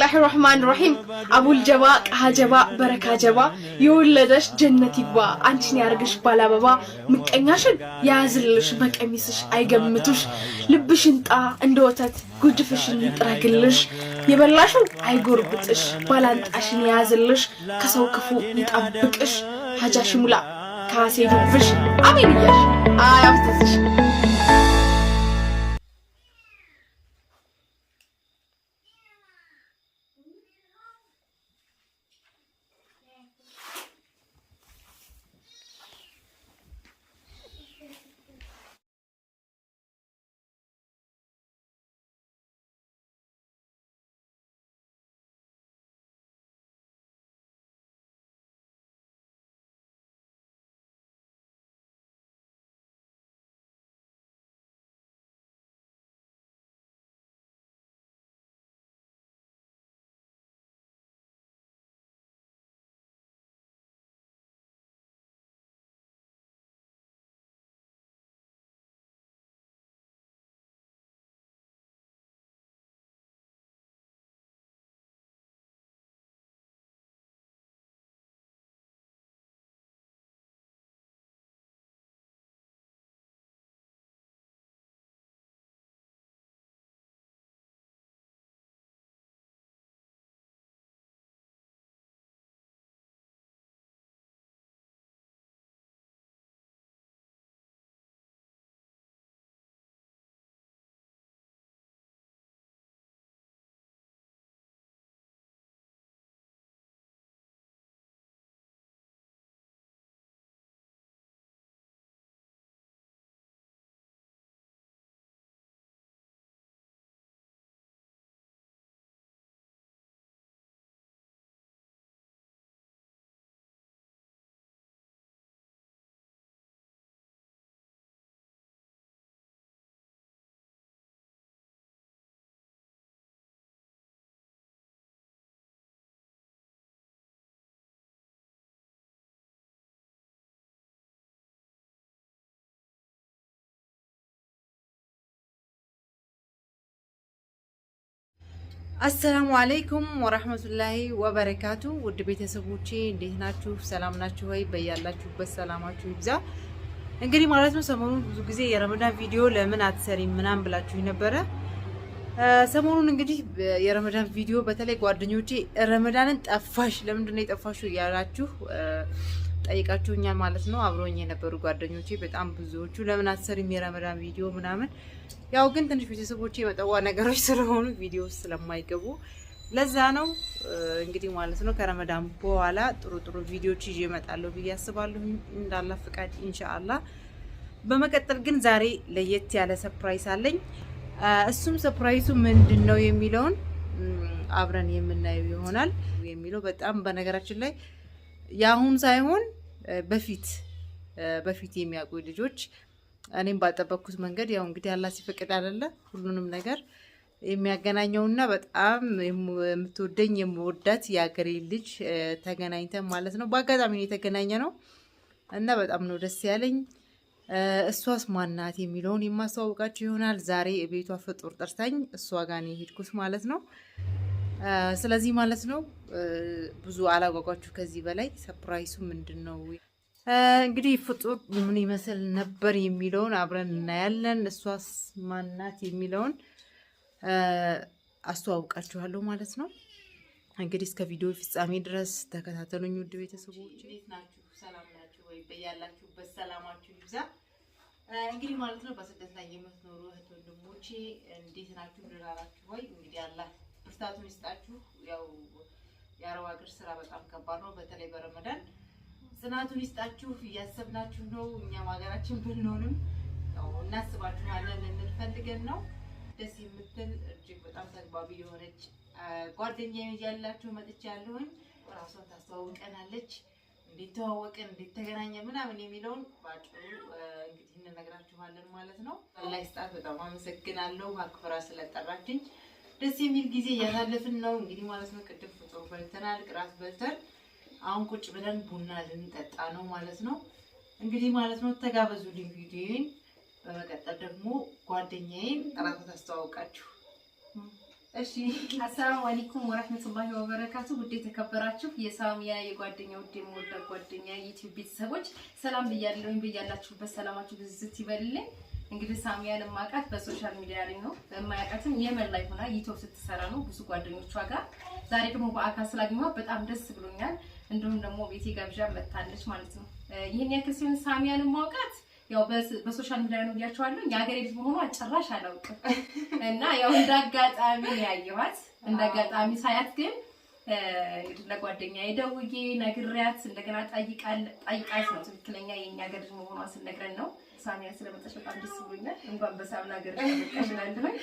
ብስሚላህ ራህማን ጀባ ቀሃ ጀባ በረካ ጀባ የወለደሽ ጀነት ይግባ አንቺን ያርግሽ ባላበባ ምቀኛሽን የያዝልሽ በቀሚስሽ አይገምቱሽ ልብሽን ጣ እንደ ወተት ጉድፍሽን ይጥረግልሽ የበላሽው አይጎርብጥሽ ባላንጣሽን ያዝልሽ ከሰው ክፉ ይጠብቅሽ ሀጃሽ ሙላ ካሴ ልብሽ አሜንያሽ እያሽ አሰላሙ አለይኩም ወረህመቱላሂ ወበረካቱ። ውድ ቤተሰቦቼ እንዴት ናችሁ? ሰላም ናችሁ ወይ? በያላችሁበት ሰላማችሁ ይብዛ። እንግዲህ ማለት ነው ሰሞኑን ብዙ ጊዜ የረመዳን ቪዲዮ ለምን አትሰሪም ምናምን ብላችሁ ነበረ። ሰሞኑን እንግዲህ የረመዳን ቪዲዮ በተለይ ጓደኞቼ ረመዳንን ጠፋሽ፣ ለምንድን ነው የጠፋሽው እያላችሁ ጠይቃችሁኛል ማለት ነው። አብሮኝ የነበሩ ጓደኞቼ በጣም ብዙዎቹ ለምን አትሰሪም የረመዳን ቪዲዮ ምናምን፣ ያው ግን ትንሽ ቤተሰቦቼ የመጠዋ ነገሮች ስለሆኑ ቪዲዮ ስለማይገቡ ለዛ ነው እንግዲህ ማለት ነው። ከረመዳን በኋላ ጥሩ ጥሩ ቪዲዮች ይዤ እመጣለሁ ብዬ አስባለሁ እንዳላ ፍቃድ ኢንሻአላ። በመቀጠል ግን ዛሬ ለየት ያለ ሰፕራይስ አለኝ። እሱም ሰፕራይዙ ምንድን ነው የሚለውን አብረን የምናየው ይሆናል። የሚለው በጣም በነገራችን ላይ የአሁን ሳይሆን በፊት በፊት የሚያውቁ ልጆች እኔም ባጠበቅኩት መንገድ ያው እንግዲህ አላህ ሲፈቅድ አለለ ሁሉንም ነገር የሚያገናኘውና በጣም የምትወደኝ የምወዳት የአገሬ ልጅ ተገናኝተን ማለት ነው። በአጋጣሚ ነው የተገናኘ ነው እና በጣም ነው ደስ ያለኝ። እሷስ ማናት የሚለውን የማስተዋወቃቸው ይሆናል። ዛሬ ቤቷ ፍጡር ጠርታኝ እሷ ጋር ነው የሄድኩት ማለት ነው። ስለዚህ ማለት ነው ብዙ አላጓጓችሁ ከዚህ በላይ ሰፕራይሱ ምንድን ነው እንግዲህ ፍጡር ምን ይመስል ነበር የሚለውን አብረን እናያለን። እሷስ ማናት የሚለውን አስተዋውቃችኋለሁ ማለት ነው። እንግዲህ እስከ ቪዲዮ ፍጻሜ ድረስ ተከታተሉኝ። ውድ ቤተሰቦች እንዴት ናችሁ? ሰላም ናችሁ ወይ? በያላችሁበት ሰላማችሁ ይብዛ። እንግዲህ ማለት ነው በስደት ላይ የምትኖሩ እህት ወንድሞቼ እንዴት ናችሁ? ድራራችሁ ወይ? እንግዲህ አላህ ብርታቱን ይስጣችሁ። ያው የአረብ ሀገር ስራ በጣም ከባድ ነው፣ በተለይ በረመዳን ጽናቱን ይስጣችሁ። እያሰብናችሁ ነው። እኛም ሀገራችን ብንሆንም ያው እናስባችኋለን እንፈልገን ነው። ደስ የምትል እጅግ በጣም ተግባቢ የሆነች ጓደኛ ያላችሁ መጥቻ ያለሁኝ ራሷን ታስተዋውቀናለች። እንዴት ተዋወቅን፣ እንዴት ምናምን የሚለውን በአጭሩ እንግዲህ እንነግራችኋለን ማለት ነው። አላህ ይስጣት። በጣም አመሰግናለሁ አክብራ ስለጠራችኝ። ደስ የሚል ጊዜ እያሳለፍን ነው እንግዲህ ማለት ነው። ቅድም ፍጦ በልተናል፣ ቅራት በልተን አሁን ቁጭ ብለን ቡና ልንጠጣ ነው ማለት ነው። እንግዲህ ማለት ነው ተጋበዙልኝ። ቪዲዮን በመቀጠል ደግሞ ጓደኛዬን ጥራት ታስተዋውቃችሁ። እሺ አሰላሙ አለይኩም ወራህመቱላሂ ወበረካቱ። ውድ የተከበራችሁ የሳሚያ የጓደኛ ውድ የመወዳ ጓደኛ የዩቲዩብ ቤተሰቦች ሰላም ብያለሁኝ። ብያላችሁበት ሰላማችሁ ብዝት ይበልልኝ። እንግዲህ ሳሚያን ማቃት በሶሻል ሚዲያ ላይ ነው። የማያውቃትም የመን ላይ ሆና ዩቲዩብ ስትሰራ ነው ብዙ ጓደኞቿ ጋር። ዛሬ ደግሞ በአካል ስላገኘኋት በጣም ደስ ብሎኛል። እንዲሁም ደግሞ ቤቴ ጋብዣ መታለች ማለት ነው። ይህን ያክል ሲሆን ሳሚያን ማውቃት ያው በሶሻል ሚዲያ ነው ብያቸዋለሁ። የሀገሬ ልጅ መሆኗ ጭራሽ አላውቅም እና ያው እንዳጋጣሚ ያየኋት እንዳጋጣሚ ሳያት ግን እንግዲህ ለጓደኛ ደውዬ ነግሪያት እንደገና ጠይቃት ነው ትክክለኛ የእኛ ገድ ልጅ መሆኗ ስነግረን ነው ሳኒያ ስለመጣሽ በጣም ደስ ብሎኛል። እንኳን በሳምና ሀገር ስለመጣሽላል ነው።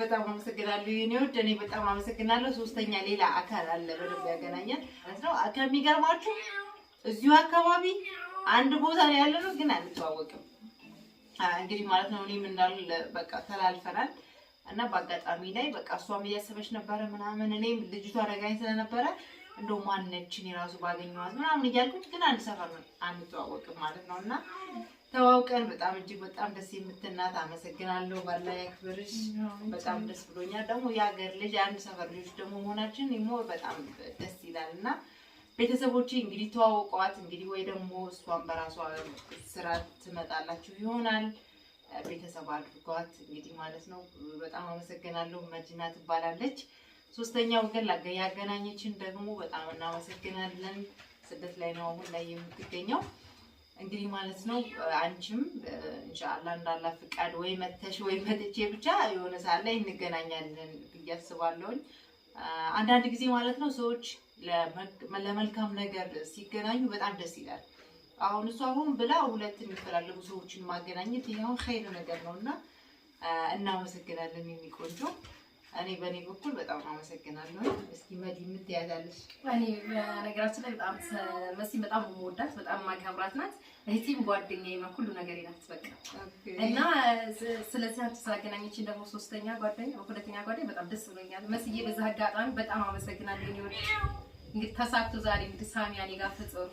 በጣም አመሰግናለሁ የኔ ውድ። እኔ በጣም አመሰግናለሁ። ሶስተኛ ሌላ አካል አለ በደንብ ያገናኛል ማለት ነው። ከሚገርማችሁ እዚሁ አካባቢ አንድ ቦታ ላይ ያለ ነው ግን አንተዋወቅም። እንግዲህ ማለት ነው እኔም እንዳሉ በቃ ተላልፈናል እና በአጋጣሚ ላይ በቃ እሷም እያሰበች ነበረ ምናምን እኔም ልጅቷ አደጋኝ ስለነበረ እንደው ማነችን የራሱ ባገኘዋት ምናምን እያልኩኝ ግን አንድ ሰፈር አንተዋወቅም ማለት ነው። እና ተዋውቀን በጣም እጅግ በጣም ደስ የምትናት አመሰግናለሁ። ባላ ያክብርሽ። በጣም ደስ ብሎኛል። ደግሞ የሀገር ልጅ የአንድ ሰፈር ልጆች ደግሞ መሆናችን ሞ በጣም ደስ ይላል እና ቤተሰቦች እንግዲህ ተዋውቀዋት እንግዲህ ወይ ደግሞ እሷን በራሷ ስራ ትመጣላችሁ ይሆናል ቤተሰብ አድርጓት እንግዲህ ማለት ነው። በጣም አመሰግናለሁ። መዲና ትባላለች። ሶስተኛ ወገን ያገናኘችን ደግሞ በጣም እናመሰግናለን። ስደት ላይ ነው አሁን ላይ የምትገኘው እንግዲህ ማለት ነው። አንቺም እንሻላ እንዳላ ፍቃድ ወይ መተሽ ወይ መጥቼ ብቻ የሆነ ሰዓት ላይ እንገናኛለን ብዬ አስባለሁኝ። አንዳንድ ጊዜ ማለት ነው ሰዎች ለመልካም ነገር ሲገናኙ በጣም ደስ ይላል። አሁን እሱ አሁን ብላ ሁለት የሚፈላለጉ ሰዎችን ማገናኘት ይኸውን ኸይር ነገር ነው እና እናመሰግናለን የሚቆንጆ እኔ በእኔ በኩል በጣም አመሰግናለሁ። እስኪ መዲ የምትያዛለች። እኔ በነገራችን ላይ በጣም መሲን በጣም መወዳት በጣም ማከብራት ናት። እህቲም ጓደኛዬ ናት፣ ሁሉ ነገር ናት በቃ እና ስለዚህ አንቺ ስላገናኘችን ደግሞ ሶስተኛ ጓደኛ ሁለተኛ ጓደኛ በጣም ደስ ብሎኛል። መስዬ በዛ አጋጣሚ በጣም አመሰግናለሁ። ኔ ወድ እንግዲህ ተሳክቶ ዛሬ እንግዲህ ሳሚያ እኔ ጋር ፍጽር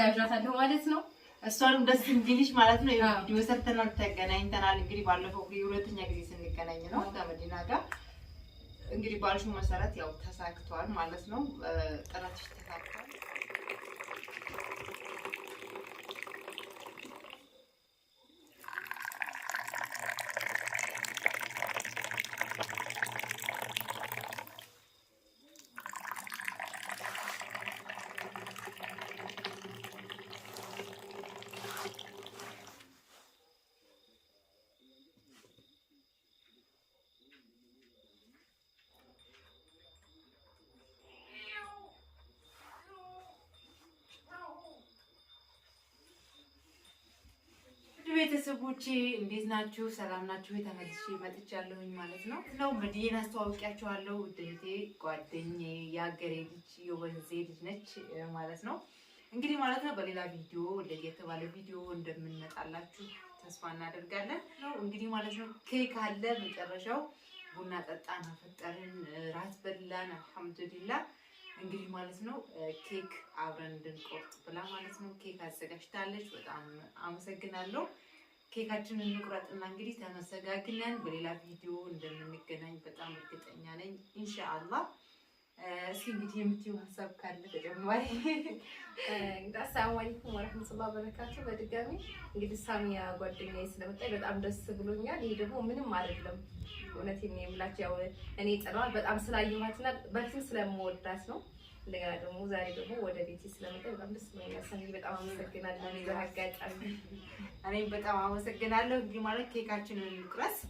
ጋብዣታለሁ ማለት ነው። እሷንም ደስ እንዲልሽ ማለት ነው። ቪዲዮ ሰርተናል፣ ተገናኝተናል። እንግዲህ ባለፈው ሁለተኛ ጊዜ የሚገናኝ ነው ከመዲና ጋር። እንግዲህ ባልሹ መሰረት ያው ተሳክቷል ማለት ነው ጥረትሽ ተሳክቷል። ቤተሰቦቼ እንዴት ናችሁ? ሰላም ናችሁ? መጥች መጥቻለሁኝ ማለት ነው ነው እንግዲህ አስተዋውቂያችኋለሁ። ውዴቴ ጓደኝ የአገሬ ልጅ፣ የወንዜ ልጅ ነች ማለት ነው። እንግዲህ ማለት ነው በሌላ ቪዲዮ ለየት ባለ ቪዲዮ እንደምንመጣላችሁ ተስፋ እናደርጋለን። ነው እንግዲህ ማለት ነው ኬክ አለ መጨረሻው። ቡና ጠጣን፣ አፈጠርን፣ ራት በላን። አልሐምዱሊላ እንግዲህ ማለት ነው ኬክ አብረን እንድንቆርጥ ብላ ማለት ነው ኬክ አዘጋጅታለች። በጣም አመሰግናለሁ። ኬካችንን እንቁረጥና እንግዲህ ተመሰጋግለን በሌላ ቪዲዮ እንደምንገናኝ በጣም እርግጠኛ ነኝ። ኢንሻአላህ እስኪ እንግዲህ የምትይው ሀሳብ ካለ ተጨማሪ። አሰላሙ አለይኩም ወረህመቱላሂ ወበረካቱ። በድጋሚ እንግዲህ ሳሚያ ጓደኛዬ ስለመጣኝ በጣም ደስ ብሎኛል። ይሄ ደግሞ ምንም አይደለም፣ እውነቴን ነው የምላቸው። ያው እኔ ጠራዋል በጣም ስላየኋትና በፊት ስለምወዳት ነው እንደገና ደግሞ ዛሬ ደግሞ ወደ ቤት ስለመጣ በጣም ደስ ብሎኛል። ሰኒ በጣም አመሰግናለሁ። እኔ አጋጣሚ እኔም በጣም አመሰግናለሁ። እንግዲህ ማለት ኬካችንን እንቁረስ።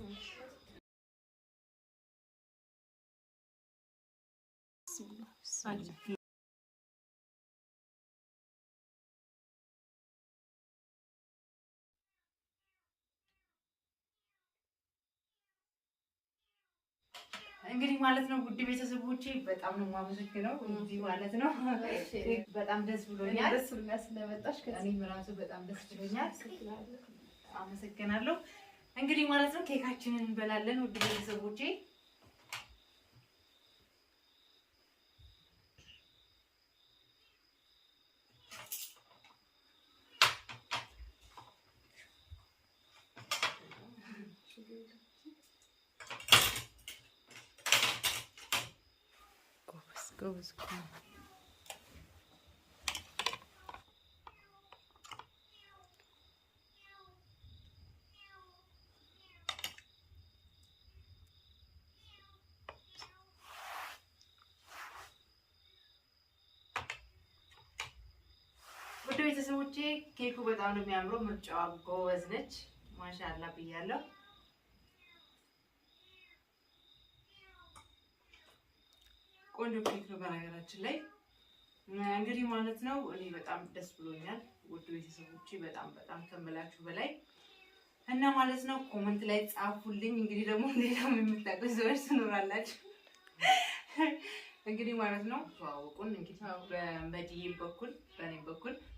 እንግዲህ ማለት ነው ውድ ቤተሰቦቼ በጣም ነው የማመሰግነው። እንግዲህ ማለት ነው በጣም ደስ ብሎኛል ስለመጣሽ፣ ከእኔም እራሱ በጣም ደስ ብሎኛል። አመሰግናለሁ። እንግዲህ ማለት ነው ኬካችንን እንበላለን ውድ ቤተሰቦቼ። इसको उसको ቤተሰቦቼ ኬኩ በጣም ነው የሚያምረው። ምርጫዋ ጎበዝ ነች። ማሻላ ብያለሁ። ቆንጆ ኬክ ነው። በነገራችን ላይ እንግዲህ ማለት ነው እኔ በጣም ደስ ብሎኛል ውድ ቤተሰቦች፣ በጣም በጣም ከምላችሁ በላይ እና ማለት ነው ኮመንት ላይ ጻፉልኝ። እንግዲህ ደግሞ ሌላም የምታውቁት ሰዎች ትኖራላችሁ። እንግዲህ ማለት ነው ተዋወቁን። እንግዲህ በመዲዬ በኩል በእኔ በኩል